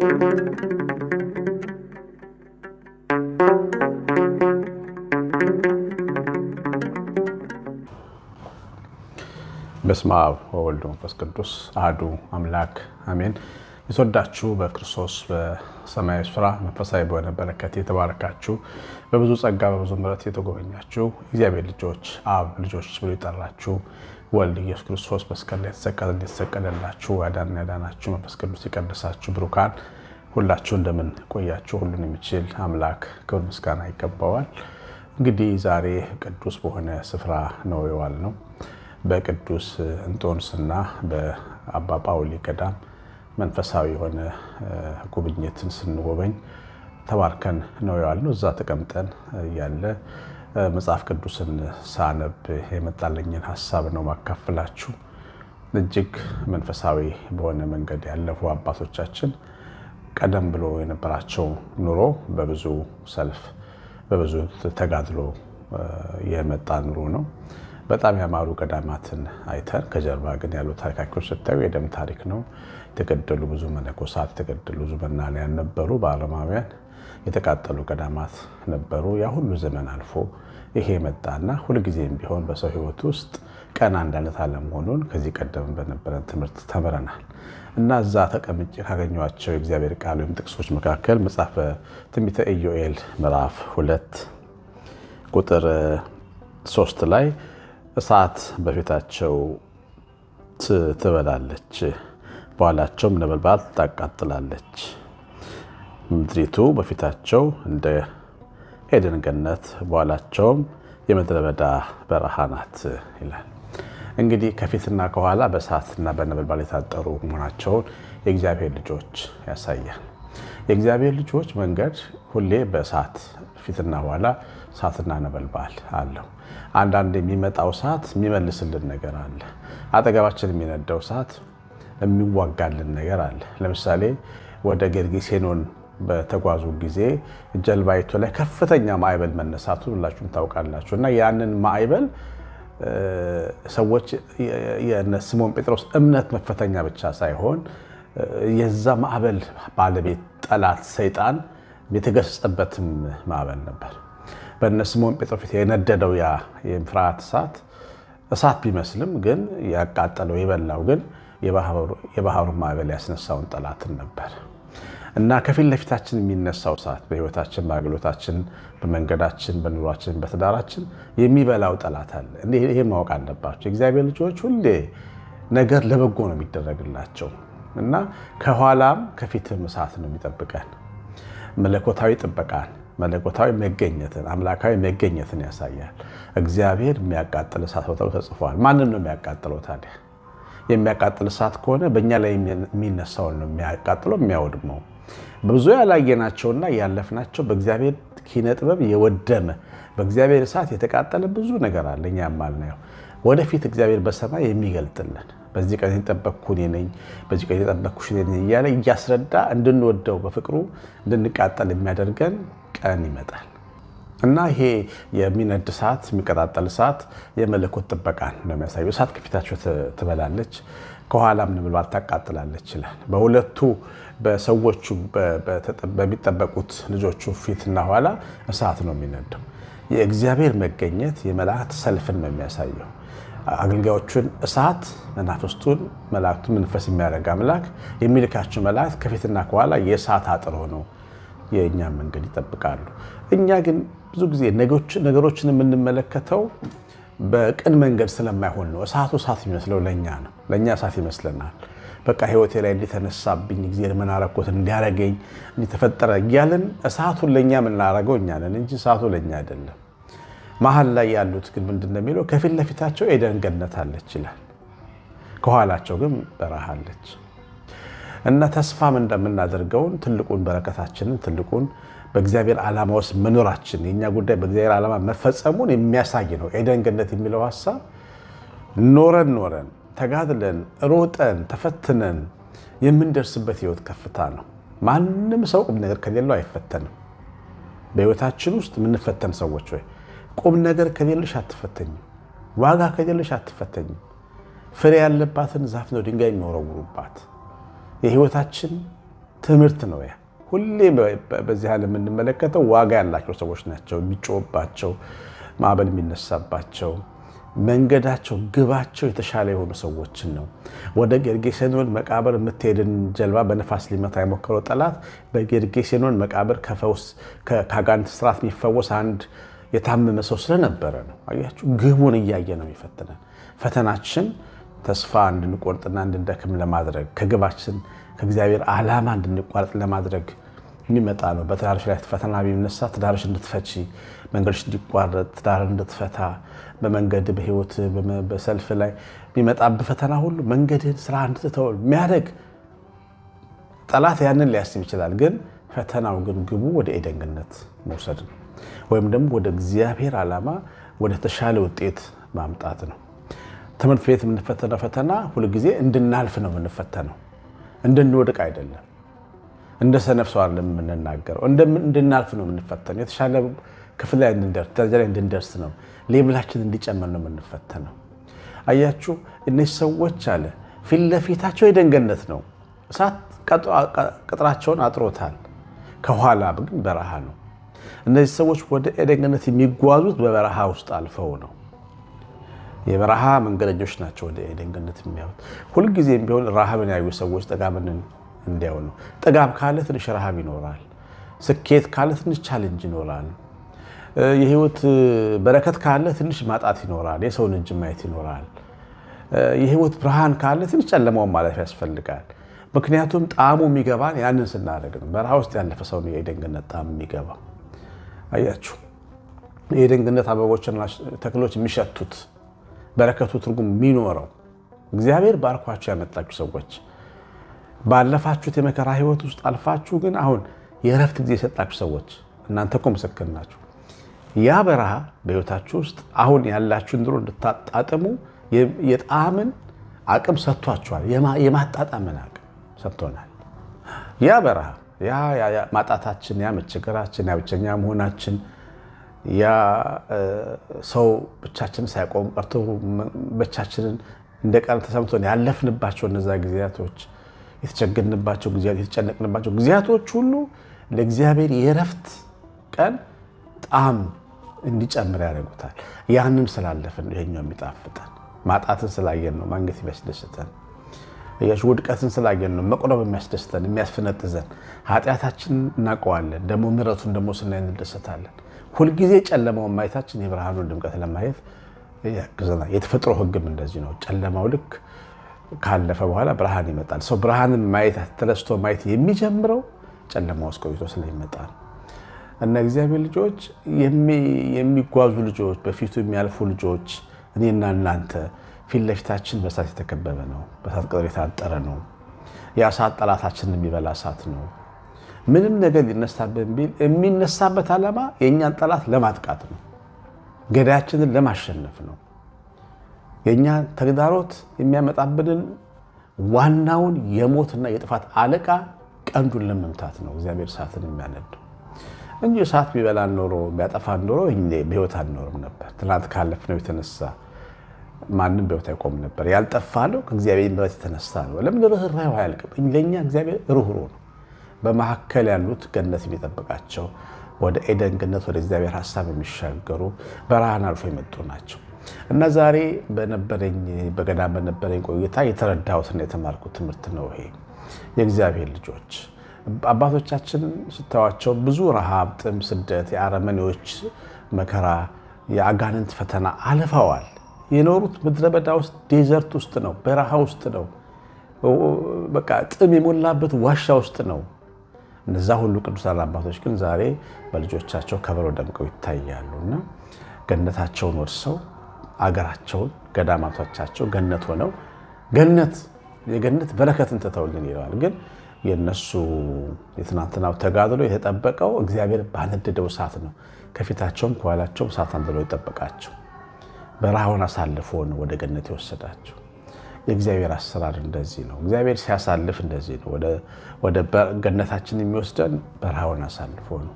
በስመ አብ ወወልድ ወመንፈስ ቅዱስ አሐዱ አምላክ አሜን። የተወዳችሁ በክርስቶስ በሰማያዊ ስፍራ መንፈሳዊ በሆነ በረከት የተባረካችሁ በብዙ ጸጋ በብዙ ምሕረት የተጎበኛችሁ እግዚአብሔር ልጆች አብ ልጆች ብሎ የጠራችሁ ወልድ ኢየሱስ ክርስቶስ መስቀል ላይ የተሰቀለ እንደተሰቀለላችሁ ያዳን ያዳናችሁ መንፈስ ቅዱስ የቀደሳችሁ ብሩካን ሁላችሁ እንደምን ቆያችሁ? ሁሉን የሚችል አምላክ ክብር ምስጋና ይገባዋል። እንግዲህ ዛሬ ቅዱስ በሆነ ስፍራ ነው የዋል ነው በቅዱስ እንጦንስና በአባ ጳውሊ ገዳም መንፈሳዊ የሆነ ጉብኝትን ስንጎበኝ ተባርከን ነው የዋል ነው። እዛ ተቀምጠን እያለ መጽሐፍ ቅዱስን ሳነብ የመጣለኝን ሀሳብ ነው ማካፍላችሁ። እጅግ መንፈሳዊ በሆነ መንገድ ያለፉ አባቶቻችን ቀደም ብሎ የነበራቸው ኑሮ በብዙ ሰልፍ፣ በብዙ ተጋድሎ የመጣ ኑሮ ነው። በጣም ያማሩ ገዳማትን አይተን ከጀርባ ግን ያሉ ታሪካቸው ስታዩ የደም ታሪክ ነው። የተገደሉ ብዙ መነኮሳት፣ የተገደሉ ብዙ መናንያን ነበሩ፣ በአለማውያን የተቃጠሉ ገዳማት ነበሩ። ያ ሁሉ ዘመን አልፎ ይሄ የመጣና ሁልጊዜም ቢሆን በሰው ሕይወት ውስጥ ቀና እንዳለት አለመሆኑን ከዚህ ቀደም በነበረን ትምህርት ተምረናል እና እዛ ተቀምጬ ካገኟቸው የእግዚአብሔር ቃል ወይም ጥቅሶች መካከል መጽሐፈ ትንቢተ ኢዮኤል ምዕራፍ ሁለት ቁጥር ሶስት ላይ እሳት በፊታቸው ትበላለች፣ በኋላቸውም ነበልባል ታቃጥላለች። ምድሪቱ በፊታቸው እንደ ኤደን ገነት፣ በኋላቸውም የምድረ በዳ በረሃ ናት ይላል። እንግዲህ ከፊትና ከኋላ በእሳትና በነበልባል የታጠሩ መሆናቸውን የእግዚአብሔር ልጆች ያሳያል። የእግዚአብሔር ልጆች መንገድ ሁሌ በእሳት ፊትና ኋላ እሳትና ነበልባል አለው። አንዳንድ የሚመጣው እሳት የሚመልስልን ነገር አለ። አጠገባችን የሚነዳው እሳት የሚዋጋልን ነገር አለ። ለምሳሌ ወደ ጌርጌሴኖን በተጓዙ ጊዜ ጀልባይቱ ላይ ከፍተኛ ማዕበል መነሳቱ ሁላችሁም ታውቃላችሁ። እና ያንን ማዕበል ሰዎች የስሞን ጴጥሮስ እምነት መፈተኛ ብቻ ሳይሆን የዛ ማዕበል ባለቤት ጠላት ሰይጣን የተገሰጸበትም ማዕበል ነበር። በእነ ስምዖን ጴጥሮስ ፊት የነደደው ያ የፍርሃት እሳት እሳት ቢመስልም ግን ያቃጠለው የበላው ግን የባህሩ ማዕበል ያስነሳውን ጠላትን ነበር እና ከፊት ለፊታችን የሚነሳው እሳት በህይወታችን፣ በአገልግሎታችን፣ በመንገዳችን፣ በኑሯችን፣ በትዳራችን የሚበላው ጠላት አለ። ይህ ማወቅ አለባቸው። እግዚአብሔር ልጆች ሁሌ ነገር ለበጎ ነው የሚደረግላቸው። እና ከኋላም ከፊትም እሳት ነው የሚጠብቀን። መለኮታዊ ጥበቃን፣ መለኮታዊ መገኘትን፣ አምላካዊ መገኘትን ያሳያል። እግዚአብሔር የሚያቃጥል እሳት ተብሎ ተጽፏል። ማንን ነው የሚያቃጥለው ታዲያ? የሚያቃጥል እሳት ከሆነ በእኛ ላይ የሚነሳውን ነው የሚያቃጥለው፣ የሚያወድመው። ብዙ ያላየናቸውና ያለፍናቸው በእግዚአብሔር ኪነ ጥበብ የወደመ በእግዚአብሔር እሳት የተቃጠለ ብዙ ነገር አለ እኛ ነው ወደፊት እግዚአብሔር በሰማይ የሚገልጥልን በዚህ ቀን የጠበቅኩ እኔ ነኝ፣ በዚህ ቀን የጠበቅኩሽ እኔ ነኝ እያለ እያስረዳ እንድንወደው በፍቅሩ እንድንቃጠል የሚያደርገን ቀን ይመጣል እና ይሄ የሚነድ እሳት የሚቀጣጠል እሳት የመለኮት ጥበቃን ነው የሚያሳየው። እሳት ከፊታቸው ትበላለች፣ ከኋላም ነበልባል ታቃጥላለች ይላል። በሁለቱ በሰዎቹ በሚጠበቁት ልጆቹ ፊትና ኋላ እሳት ነው የሚነደው። የእግዚአብሔር መገኘት የመላእክት ሰልፍን ነው የሚያሳየው። አገልጋዮቹን እሳት መናፍስቱን መላእክቱን መንፈስ የሚያደርግ አምላክ የሚልካቸው መላእክት ከፊትና ከኋላ የእሳት አጥር ሆነው የእኛን መንገድ ይጠብቃሉ። እኛ ግን ብዙ ጊዜ ነገሮችን የምንመለከተው በቅን መንገድ ስለማይሆን ነው። እሳቱ እሳት የሚመስለው ለእኛ ነው። ለእኛ እሳት ይመስለናል። በቃ ህይወቴ ላይ እንዲተነሳብኝ እግዚአብሔር መናረኮት እንዲያረገኝ እንዲተፈጠረ እያልን እሳቱን ለእኛ የምናረገው እኛ ነን እንጂ እሳቱ ለእኛ አይደለም። መሀል ላይ ያሉት ግን ምንድን ነው የሚለው? ከፊት ለፊታቸው ኤደን ገነት አለች ይላል። ከኋላቸው ግን በረሃ አለች እና ተስፋም እንደምናደርገውን ትልቁን በረከታችንን ትልቁን በእግዚአብሔር ዓላማ ውስጥ መኖራችን የእኛ ጉዳይ በእግዚአብሔር ዓላማ መፈጸሙን የሚያሳይ ነው። ኤደን ገነት የሚለው ሀሳብ ኖረን ኖረን ተጋድለን ሮጠን ተፈትነን የምንደርስበት ህይወት ከፍታ ነው። ማንም ሰው ቁም ነገር ከሌለው አይፈተንም። በህይወታችን ውስጥ የምንፈተን ሰዎች ወይ ቁም ነገር ከሌለሽ አትፈተኝም። ዋጋ ከሌለሽ አትፈተኝም። ፍሬ ያለባትን ዛፍ ነው ድንጋይ የሚወረውሩባት። የህይወታችን ትምህርት ነው ያ። ሁሌ በዚህ ዓለም የምንመለከተው ዋጋ ያላቸው ሰዎች ናቸው የሚጮባቸው፣ ማዕበል የሚነሳባቸው፣ መንገዳቸው ግባቸው የተሻለ የሆኑ ሰዎችን ነው። ወደ ጌርጌሴኖን መቃብር የምትሄድን ጀልባ በነፋስ ሊመታ የሞከረው ጠላት በጌርጌሴኖን መቃብር ከአጋንንት ስርዓት የሚፈወስ አንድ የታመመ ሰው ስለነበረ ነው። አያችሁ፣ ግቡን እያየ ነው የሚፈትነን። ፈተናችን ተስፋ እንድንቆርጥና እንድንደክም ለማድረግ ከግባችን ከእግዚአብሔር ዓላማ እንድንቋረጥ ለማድረግ የሚመጣ ነው። በትዳርሽ ላይ ፈተና ቢነሳ ትዳርሽ እንድትፈቺ፣ መንገድሽ እንዲቋረጥ፣ ትዳር እንድትፈታ፣ በመንገድ በህይወት በሰልፍ ላይ የሚመጣብህ ፈተና ሁሉ መንገድህን ስራ እንድትተው የሚያደግ ጠላት ያንን ሊያስብ ይችላል። ግን ፈተናው ግን ግቡ ወደ ኤደን ገነት መውሰድ ነው። ወይም ደግሞ ወደ እግዚአብሔር ዓላማ ወደ ተሻለ ውጤት ማምጣት ነው። ትምህርት ቤት የምንፈተነው ፈተና ሁልጊዜ እንድናልፍ ነው የምንፈተነው፣ እንድንወድቅ አይደለም። እንደ ሰነፍ ሰው አይደለም የምንናገረው፣ እንድናልፍ ነው የምንፈተነው። የተሻለ ክፍል ላይ እንድንደርስ፣ ደረጃ ላይ እንድንደርስ ነው፣ ሌብላችን እንዲጨምር ነው የምንፈተነው። አያችሁ፣ እነዚህ ሰዎች አለ ፊት ለፊታቸው የደንገነት ነው፣ እሳት ቅጥራቸውን አጥሮታል፣ ከኋላ ግን በረሃ ነው። እነዚህ ሰዎች ወደ ኤደን ገነት የሚጓዙት በበረሃ ውስጥ አልፈው ነው። የበረሃ መንገደኞች ናቸው ወደ ኤደን ገነት የሚያዩት። ሁልጊዜም ቢሆን ረሃብን ያዩ ሰዎች ጥጋብን እንዲያው ነው። ጥጋብ ካለ ትንሽ ረሃብ ይኖራል። ስኬት ካለ ትንሽ ቻሌንጅ ይኖራል። የህይወት በረከት ካለ ትንሽ ማጣት ይኖራል። የሰውን እጅ ማየት ይኖራል። የህይወት ብርሃን ካለ ትንሽ ጨለማውን ማለፍ ያስፈልጋል። ምክንያቱም ጣዕሙ የሚገባን ያንን ስናደርግ ነው። በረሃ ውስጥ ያለፈ ሰው ነው የኤደን ገነት ጣዕም የሚገባ አያችሁ፣ የድንግነት አበቦችና ተክሎች የሚሸቱት በረከቱ ትርጉም የሚኖረው እግዚአብሔር ባርኳችሁ ያመጣችሁ ሰዎች ባለፋችሁት የመከራ ህይወት ውስጥ አልፋችሁ ግን አሁን የእረፍት ጊዜ የሰጣችሁ ሰዎች እናንተ እኮ ምስክር ናችሁ። ያ በረሃ በህይወታችሁ ውስጥ አሁን ያላችሁን ድሮ እንድታጣጥሙ የጣዕምን አቅም ሰጥቷችኋል። የማጣጣምን አቅም ሰጥቶናል ያ በረሃ ያ ማጣታችን፣ ያ መቸገራችን፣ ያ ብቸኛ መሆናችን፣ ያ ሰው ብቻችን ሳይቆም ቀርቶ ብቻችንን እንደ ተሰምቶን ያለፍንባቸው እነዛ ጊዜያቶች፣ የተቸገርንባቸው ጊዜያት፣ የተጨነቅንባቸው ጊዜያቶች ሁሉ ለእግዚአብሔር የእረፍት ቀን ጣዕም እንዲጨምር ያደርጉታል። ያንን ስላለፍን ይሄኛው የሚጣፍጠን ማጣትን ስላየን ነው። ማንገት የሚያስደስተን እያሽ ውድቀትን ስላየን ነው መቁረብ የሚያስደስተን የሚያስፈነጥዘን። ኃጢአታችን እናውቀዋለን፣ ደግሞ ምሕረቱን ደግሞ ስናይ እንደሰታለን። ሁልጊዜ ጨለማውን ማየታችን የብርሃኑን ድምቀት ለማየት ያግዘናል። የተፈጥሮ ሕግም እንደዚህ ነው። ጨለማው ልክ ካለፈ በኋላ ብርሃን ይመጣል። ሰው ብርሃንን ማየት ተለስቶ ማየት የሚጀምረው ጨለማ ውስጥ ቆይቶ ስለሚመጣ ነው። እና እግዚአብሔር ልጆች የሚጓዙ ልጆች፣ በፊቱ የሚያልፉ ልጆች እኔና እናንተ ፊት ለፊታችን በእሳት የተከበበ ነው። በእሳት ቅጥር የታጠረ ነው። የእሳት ጠላታችንን የሚበላ እሳት ነው። ምንም ነገር ሊነሳብን ቢል የሚነሳበት ዓላማ የእኛን ጠላት ለማጥቃት ነው። ገዳያችንን ለማሸነፍ ነው። የእኛ ተግዳሮት የሚያመጣብንን ዋናውን የሞትና የጥፋት አለቃ ቀንዱን ለመምታት ነው። እግዚአብሔር እሳትን የሚያነድ እንጂ እሳት ቢበላን ኖሮ ቢያጠፋን ኖሮ በሕይወት አንኖርም ነበር። ትናንት ካለፍነው የተነሳ ማንም በሕይወት አይቆም ነበር። ያልጠፋ ነው ከእግዚአብሔር ምሕረት የተነሳ ነው። ለምን ርኅራኄው አያልቅም? ለእኛ እግዚአብሔር ርኅሩህ ነው። በመካከል ያሉት ገነት የሚጠብቃቸው ወደ ኤደን ገነት ወደ እግዚአብሔር ሀሳብ የሚሻገሩ በረሃን አልፎ የመጡ ናቸው እና ዛሬ በነበረኝ በገዳም በነበረኝ ቆይታ የተረዳሁትና የተማርኩት ትምህርት ነው ይሄ የእግዚአብሔር ልጆች አባቶቻችን ስታዋቸው ብዙ ረሃብ፣ ጥም፣ ስደት፣ የአረመኔዎች መከራ፣ የአጋንንት ፈተና አልፈዋል። የኖሩት ምድረ በዳ ውስጥ ዴዘርት ውስጥ ነው፣ በረሃ ውስጥ ነው፣ በቃ ጥም የሞላበት ዋሻ ውስጥ ነው። እነዛ ሁሉ ቅዱሳን አባቶች ግን ዛሬ በልጆቻቸው ከበሮ ደምቀው ይታያሉ እና ገነታቸውን ወርሰው አገራቸውን ገዳማቶቻቸው ገነት ሆነው ገነት የገነት በረከትን ትተውልን ይለዋል። ግን የእነሱ የትናንትናው ተጋድሎ የተጠበቀው እግዚአብሔር ባነደደው እሳት ነው። ከፊታቸውም ከኋላቸውም እሳት አንድሎ የጠበቃቸው በረሃውን አሳልፎ ነው ወደ ገነት የወሰዳቸው። የእግዚአብሔር አሰራር እንደዚህ ነው። እግዚአብሔር ሲያሳልፍ እንደዚህ ነው። ወደ ገነታችን የሚወስደን በረሃውን አሳልፎ ነው።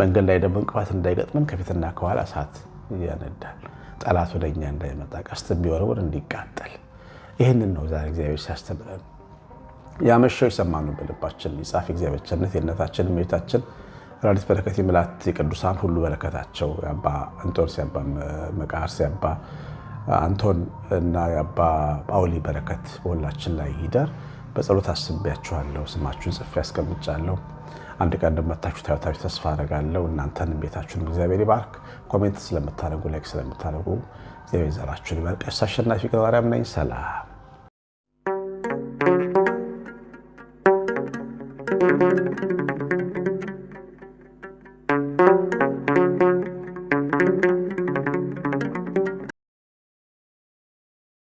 መንገድ ላይ ደግሞ እንቅፋት እንዳይገጥመን ከፊትና ከኋላ እሳት ያነዳል። ጠላት ወደ እኛ እንዳይመጣ ቀስት ቢወረውር እንዲቃጠል። ይህንን ነው ዛሬ እግዚአብሔር ሲያስተምረን። ያመሸው የሰማኑ በልባችን ይጻፍ። እግዚአብሔር ቸርነት የእነታችን እመቤታችን ወላዲት በረከት የምላት የቅዱሳን ሁሉ በረከታቸው የአባ አንጦንስ የአባ መቃርስ የአባ አንቶን እና የአባ ጳውሊ በረከት በሁላችን ላይ ይደር። በጸሎት አስቤያችኋለሁ። ስማችሁን ጽፌ ያስቀምጫለሁ። አንድ ቀን እንደመታችሁ ታዩታችሁ ተስፋ አደርጋለሁ። እናንተንም ቤታችሁን እግዚአብሔር ይባርክ። ኮሜንት ስለምታደርጉ፣ ላይክ ስለምታደርጉ እግዚአብሔር ዘራችሁን ይባርክ። ቀሲስ አሸናፊ ማርያም ነኝ። ሰላም Thank you.